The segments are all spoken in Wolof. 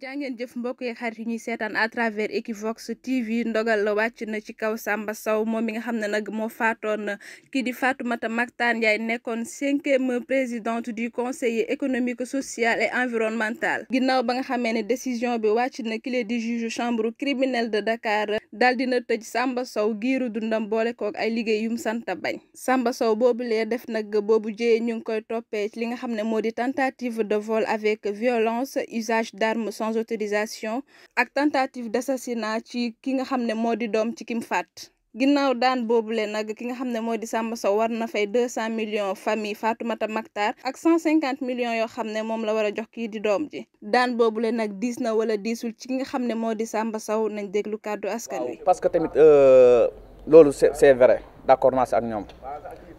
jàngeen jëf mbokk yeeg xarit yi ñuy seetaan a travers Equivox TV ndogal la wàcc ci kaw Samba Sow moom mi nga xam ne nag moo faatoon kii di Fatoumata Mactar Ndiaye nekkoon cinquième présidente du conseil économique social et environnemental ginnaaw ba nga xamee ne décision bi wàcc na kile di juge chambre criminelle de Dakar daal dina tëj Samba saw giiru dundam boole kook ay liggéey yum santa bañ Samba Sow boobu lee def nag boobu jëyee ñu ngi koy toppee li nga xam ne moo di tentative de vol sans autorisation ak tentative d'assassinat ci ki nga xam ne moo di doom ci kim faat ginnaaw daan boobu boobule nag ki nga xam ne moo di Samba Sow war na fay deux cent millions famille Fatoumata Mactar ak cent cinquante millions yoo xam ne moom la war a jox kii di doom ji daan boobule nag diis na wala diisul ci ki nga xam ne moo di Samba Sow nañ déglu kàddu askan wi. parce que tamit euh, loolu c'est c'est vrai d'accord naa ak ñoom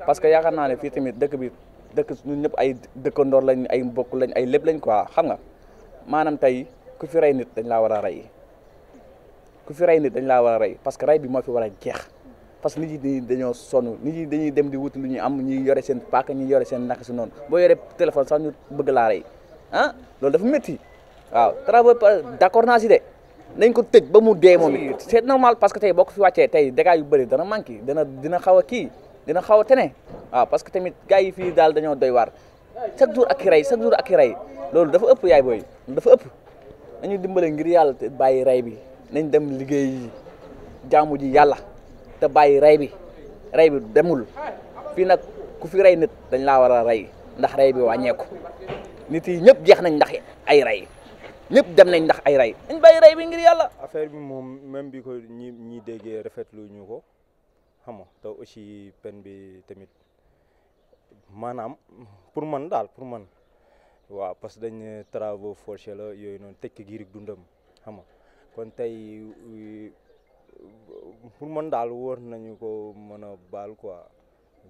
parce que yaakaar naa ne fii tamit dëkk bi dëkk ñun ñëpp ay dëkkandoor lañ ay mbokk lañ ay lépp lañ quoi xam nga ku fi rey nit dañ laa war a ray ku fi rey nit dañ laa war a rey parce que rey bi moo fi war a jeex parce que nit ñi dañoo sonn nit ñi dañuy dem di wuti lu ñu am ñuy yore seen paaka ñuy yore seen naq si noonu boo yore téléphone sax ñu bëgg laa rey ah loolu dafa métti waaw travaux d'accord si de nañ ko tëj ba mu dee moom it c'est normal parce que tey boo ko wàccee tey dégâts yu bëri dana manqué dana dina xaw a kii dina xaw a tene waaw parce tamit gars yi fii daal dañoo doy waar chaque jour ak i rey chaque ak i rey loolu ëpp yaay booy dafa ëpp nañu dimbale ngir yàlla te bàyyi rey bi nañ dem liggéey yi jaamu ji yàlla te bàyyi rey bi rey bi demul fii nag ku fi rey nit dañ laa war a rey ndax rey bi wàññeeku nit yi ñëpp jeex nañ ndax ay rey ñëpp dem nañ ndax ay rey dañ bàyyi rey bi ngir yàlla affaire bi moom même bi ko ñi ñi déggee rafetlu ñu ko xam nga te aussi peine bi tamit maanaam pour man daal pour man waaw parce que dañ ne travaux la yooyu noonu tekki giirig dundam xam kon tey euh, pour man daal war nañu ko mën a baal quoi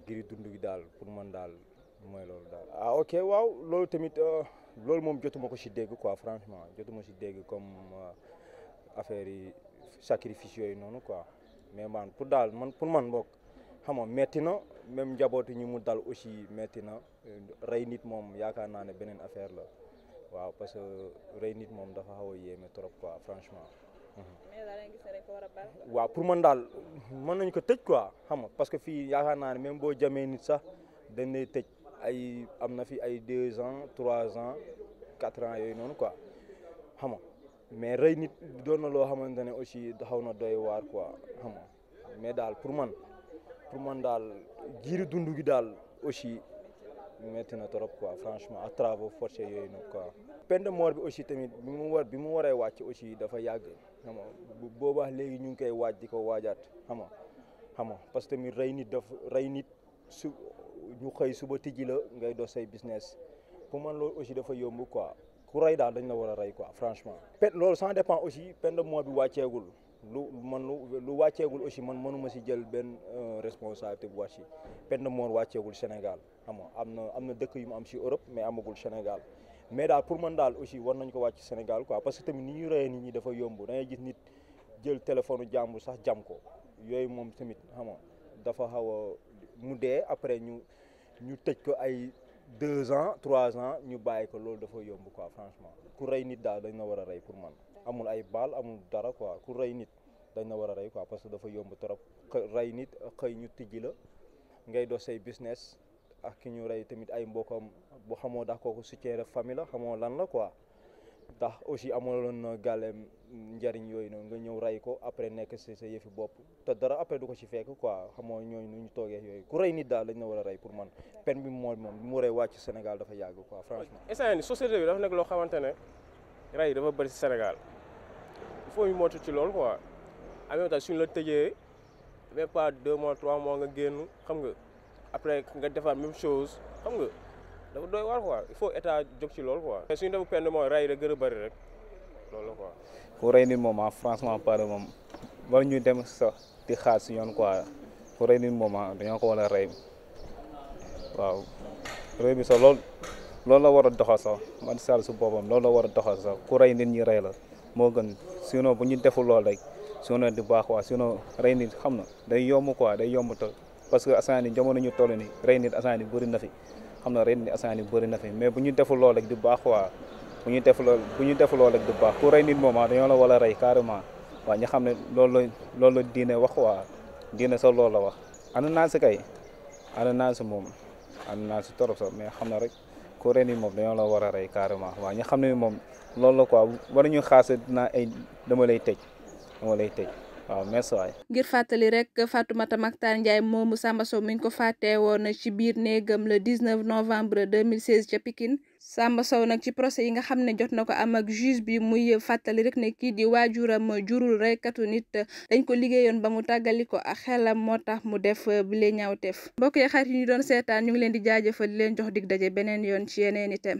giiri dund gi daal pour man daal mooy loolu daal. ah ok waaw loolu tamit euh, loolu moom jotuma ko si dégg ko franchement jotuma si dégg comme euh, affaire yi sacrifice yooyu noonu quoi mais man pour daal man pour man bok xam nga metti na même njabooti ñi mu dal aussi metti na rey nit moom yaakaar naa ne beneen affaire la waaw parce que rey nit moom dafa xaw a yéeme trop quoi franchement. waaw pour man daal mën nañ ko tëj quoi xam nga parce que fii yaakaar naa ne même boo jamee nit sax dañ tëj ay am na fi ay deux ans trois ans quatre ans yooyu noonu quoi xam nga mais rey nit doon na loo xamante ne aussi xaw na doy waar quoi xam nga daal pour man. pour man daal jiiri dundu gi daal aussi métti na trop quoi franchement à travaux forcés yooyu nag quoi. peine de bi aussi tamit bi mu war bi mu waree wàcc aussi dafa yàgg xam nga boobaa léegi ñu ngi koy waaj di ko waajaat xam nga xam que tamit rey nit dafa rey nit su ñu xëy suba tijji la ngay dox say business pour man loolu aussi dafa yomb quoi ku rey daal dañ la war a rey quoi franchement. pe loolu ça dépend aussi peine de bi wàcceegul. lu man lu wàcceegul aussi man mënuma si jël benn euh, responsabilité bu wàcc peine de mort wàcceegul Sénégal xam am na am na dëkk yu mu am si Europe mais amagul Sénégal mais daal pour man daal aussi war nañ ko wàcc Sénégal quoi parce que tamit ni ñu reyee nit ñi dafa yomb da ngay gis nit jël téléphone jàmbur sax jam ko yooyu moom tamit xam dafa xaw a mu dee après ñu ñu tëj ko ay deux ans trois ans ñu bàyyi ko loolu dafa yomb ko franchement ku rey nit daal dañ na war a rey pour man amul ay baal amul dara quoi ku rey nit dañ na war a rey quoi parce que dafa yomb trop rey nit xëy ñu tijji la ngay dox say business ak ki ñu rey tamit ay mbokkam bu xamoo ndax kooku soutien de famille la xamoo lan la quoi ndax aussi amaloon na gàlleem njariñ yooyu noonu nga ñëw rey ko après nekk si sa yëfi bopp te dara après ko ci fekk quoi xamoo ñooñu nu ñu toogee yooyu ku rey daal lañ na war a rey pour man peine bi mooy moom mu waree wàcc Sénégal dafa yàgg quoi franchement. instant société bi dafa nekk loo xamante ne rey dafa bëri si Sénégal. foo faut ñu moytu ci loolu quoi en même temps suñ la tëjee même pas deux mois trois mois nga génn xam nga après nga defaat même chose xam nga dafa doy war quoi il faut état jóg ci loolu quoi. mais suñu def peine mooy rey rek gën a bëri rek loolu la quoi. ku rey nit moom ah franchement parle moom war ñuy dem sax di xaar si yoon quoi ku rey nit moom ah dañoo ko war a rey waaw réew mi sax loolu loolu la war a doxa sax man Sall su boppam loolu la war a doxal sax ku rey nit ñi rey la. moo gën sinon bu ñu deful lool rek sinon di baax quoi sinon rey xam na day yomb quoi day yomb te parce que asaan yi jamono ñu toll ni rey nit asaan bëri na fi xam na rey nit asaan yi bëri na mais bu ñu deful lool rek di baax quoi bu ñu def lool bu ñu def lool rek di baax ku moom ah, dañoo la war a rey carrément waa ñu xam ne loolu la loolu la diine wax waa diine sax loolu la wax. Ananasi kay Ananasi moom Ananasi torop sax mais xam na rek. ko ren yi moom dañoo la war a rey carrément waa ñu xam ne moom loolu la quoi war ñu xaasa dinaa ay dama lay tëj dama lay tëj waaw merci waay ngir fàttali rek Fatoumata Mactar Ndiaye moomu Samba Sow mi ñu ko fàttee woon ci biir néegam le 19 novembre 2016 ca Pikine Samba Sow nag ci procès yi nga xam ne jot na ko am ak bi muy fàttali rek ne kii di waajuram jurul reykatu nit dañ ko liggéeyoon ba mu tàggali ko ak xelam moo tax mu def bile ñaawteef mbokk yi xarit yi ñu doon seetaan ñu ngi leen di jaajëfal leen jox dig daje beneen yoon ci yeneen itam